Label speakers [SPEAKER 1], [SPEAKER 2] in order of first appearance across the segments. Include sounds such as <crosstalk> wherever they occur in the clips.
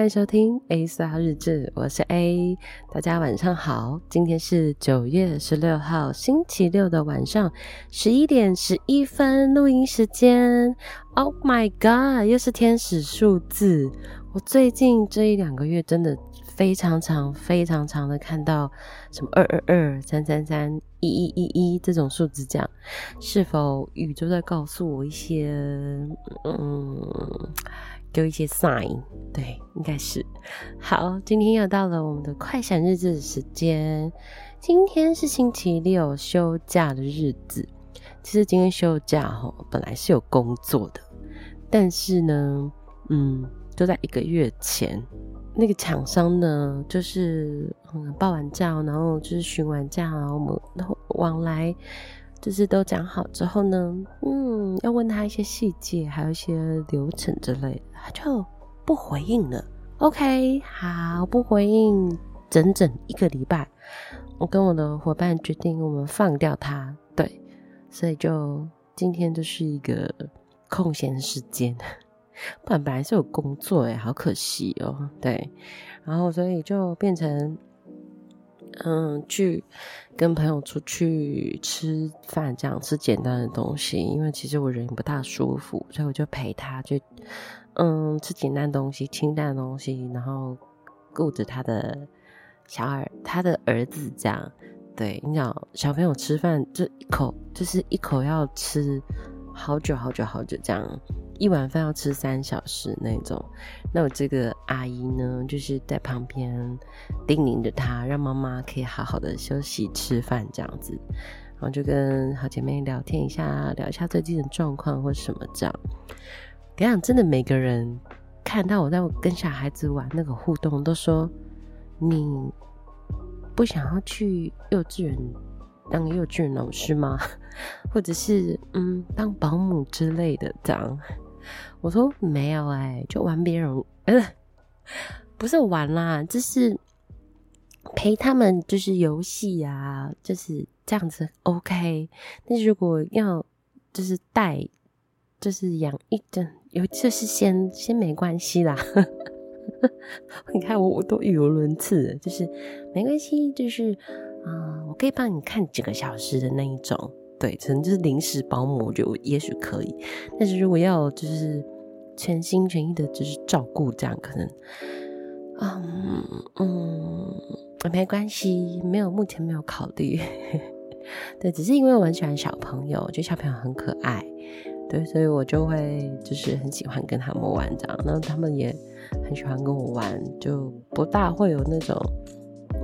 [SPEAKER 1] 歡迎收聽 A 四號日誌，我是 A，大家晚上好，今天是九月十六號星期六的晚上十一點十一分錄音時間。Oh my god，又是天使數字！我最近這一兩個月真的非常常、非常常的看到什麼二二二、三三三、一一一一這種數字講，這樣是否宇宙在告訴我一些？嗯。丟一些 sign，對，應該是。好，今天又到了我們的快閃日誌的時間。今天是星期六，休假的日子。其實今天休假喔，本來是有工作的，但是呢，嗯，就在一個月前，那個廠商呢，就是報完假，然後就是巡完假，然後我們往來。這次都講好之後呢，嗯，要問他一些細節，還有一些流程之類，他就不回應了。OK，好，不回應，整整一個禮拜，我跟我的夥伴決定，我們放掉他。對，所以就今天就是一個空閒時間，不然本來是有工作哎、欸，好可惜哦。對，然後所以就變成。嗯，去跟朋友出去吃飯，這樣吃簡單的東西，因為其實我人不大舒服，所以我就陪他去，就嗯吃簡單東西、清淡的東西，然後顧着他的小兒，他的兒子這樣。對你知道，小朋友吃飯就一口，就是一口要吃好久好久好久，這樣一碗飯要吃三小時那種。那我這個。阿姨呢，就是在旁邊叮嚀着她，讓媽媽可以好好的休息、吃飯這樣子。然後就跟好姐妹聊天一下，聊一下最近的狀況或什麼這樣。這樣真的，每個人看到我在跟小孩子玩那個互動，都說：“你不想要去幼稚園當幼稚園老師嗎？”或者是“嗯，當保姆之類的？”這樣。我說：“沒有哎、欸，就玩別人。哎”不是玩啦，就是陪他們，就是遊戲啊，就是這樣子。OK，但是如果要就是帶，就是養一陣，有就是先先沒關係啦。 <laughs> 你看我我都語無倫次，就是沒關係，就是啊、嗯，我可以幫你看幾個小時的那一種，對，可能就是臨時保姆，就也許可以。但是如果要就是。全心全意的，就是照顧這樣，可能，啊、嗯，嗯，沒關係，沒有，目前沒有考慮。 <laughs> 對，只是因為我很喜歡小朋友，就小朋友很可愛，對，所以我就會就是很喜歡跟他們玩這樣，然後他們也很喜歡跟我玩，就不大會有那種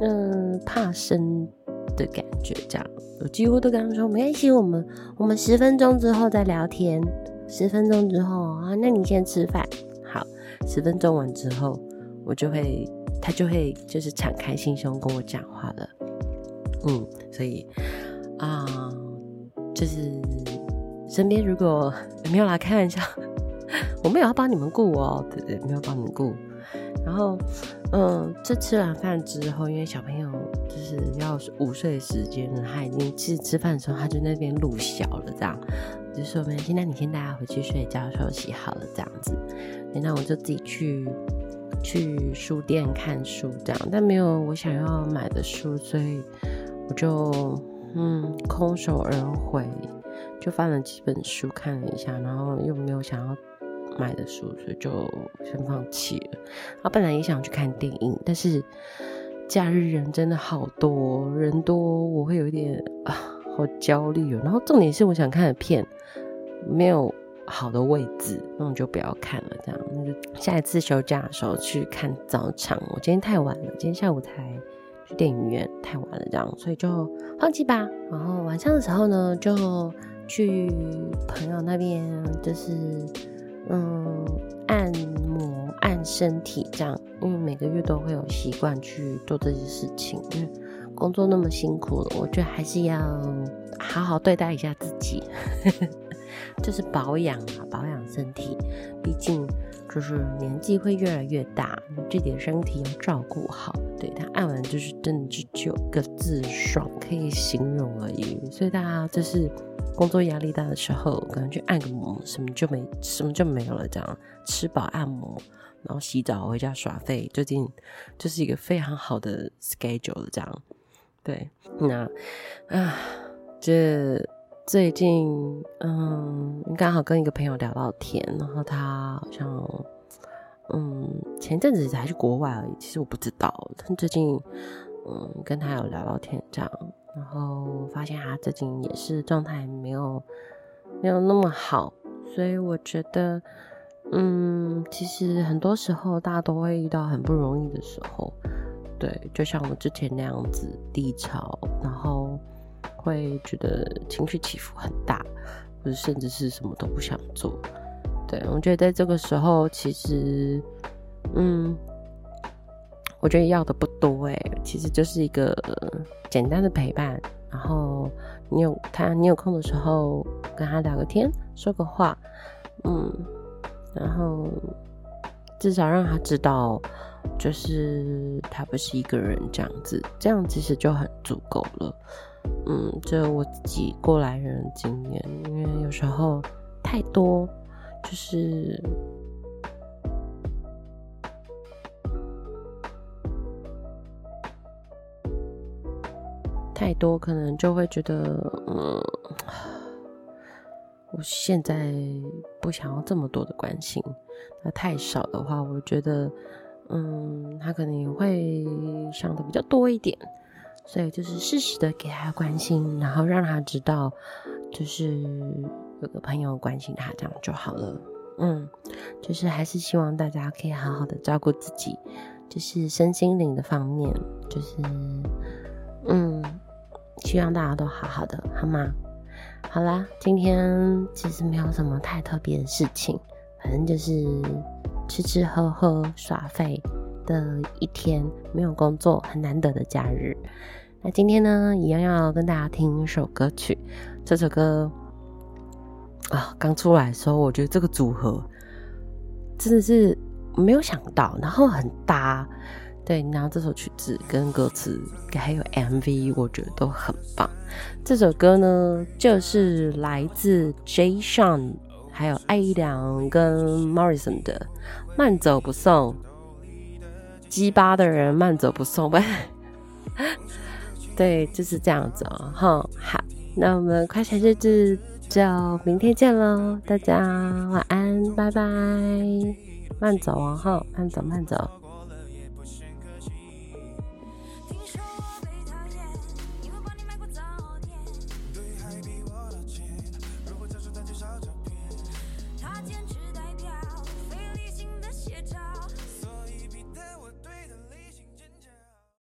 [SPEAKER 1] 嗯怕生的感覺這樣，我幾乎都跟他們說沒關係，我們我們十分鐘之後再聊天。十分鐘之後啊，那你先吃飯，好。十分鐘完之後，我就會，他就會就是敞開心胸跟我講話了。嗯，所以啊、呃，就是身邊如果沒有來開玩笑，我沒有要幫你們顧哦，對對沒有幫你們顧。然後，嗯、呃，這吃完飯之後，因為小朋友就是要午睡時間了，他已經其實吃飯的時候他就那邊錄小了這樣。就是我現在你先帶他回去睡覺休息好了，這樣子。那我就自己去去書店看書，這樣，但沒有我想要買的書，所以我就嗯空手而回，就翻了幾本書看了一下，然後又沒有想要買的書，所以就先放棄了。然後本來也想去看電影，但是假日人真的好多哦，人多哦，我會有一點啊好焦慮哦。然後重點是我想看的片。沒有好的位置，那我就不要看了。這樣，那就下一次休假的時候去看早場。我今天太晚了，今天下午才去電影院，太晚了，這樣，所以就放棄吧。然後晚上的時候呢，就去朋友那邊，就是嗯，按摩、按身體這樣。因為每個月都會有習慣去做這些事情，因為工作那麼辛苦了，我覺得還是要好好對待一下自己。呵呵就是保養啊，保養身體，畢竟就是年紀會越來越大，這點身體要照顧好。對，他按完就是真的，就一個字爽可以形容而已。所以大家就是工作壓力大的時候，可能去按個摩，什麼就沒什麼就沒有了。這樣吃飽按摩，然後洗澡回家耍廢，最近就是一個非常好的 schedule 這樣，對，那啊這。最近，嗯，剛好跟一個朋友聊到天，然後他好像，嗯，前陣子才去國外而已，其實我不知道。但最近，嗯，跟他有聊到天這樣，然後發現他最近也是狀態沒有沒有那麼好，所以我覺得，嗯，其實很多時候大家都會遇到很不容易的時候，對，就像我之前那樣子低潮，然後。會覺得情緒起伏很大，或者甚至是什麼都不想做。對，我覺得在這個時候，其實，嗯，我覺得要的不多欸，其實就是一個簡單的陪伴。然後你有他，你有空的時候跟他聊個天，說個話，嗯，然後至少讓他知道，就是他不是一個人這樣子，這樣其實就很足夠了。嗯，這我自己過來人的經驗，因為有時候太多，就是太多，可能就會覺得，嗯，我現在不想要這麼多的關心。那太少的話，我覺得，嗯，他可能也會想的比較多一點。所以就是適時的給他關心，然後讓他知道，就是有個朋友關心他，這樣就好了。嗯，就是還是希望大家可以好好的照顧自己，就是身心靈的方面，就是嗯，希望大家都好好的，好嗎？好啦，今天其實沒有什麼太特別的事情，反正就是吃吃喝喝，耍廢。的一天沒有工作，很難得的假日。那今天呢，一樣要跟大家聽一首歌曲。這首歌啊，剛出來的時候，我覺得這個組合真的是沒有想到，然後很搭。對，然後這首曲子跟歌詞還有 MV，我覺得都很棒。這首歌呢，就是來自 J.Sheon、還有艾怡良跟 Morrison 的《慢走不送》。機掰的人慢走不送唄， <laughs> 對，就是這樣子哦、喔，好，那我們快閃日誌就明天見嘍，大家晚安，拜拜，慢走、喔，哦，齁，慢走，慢走。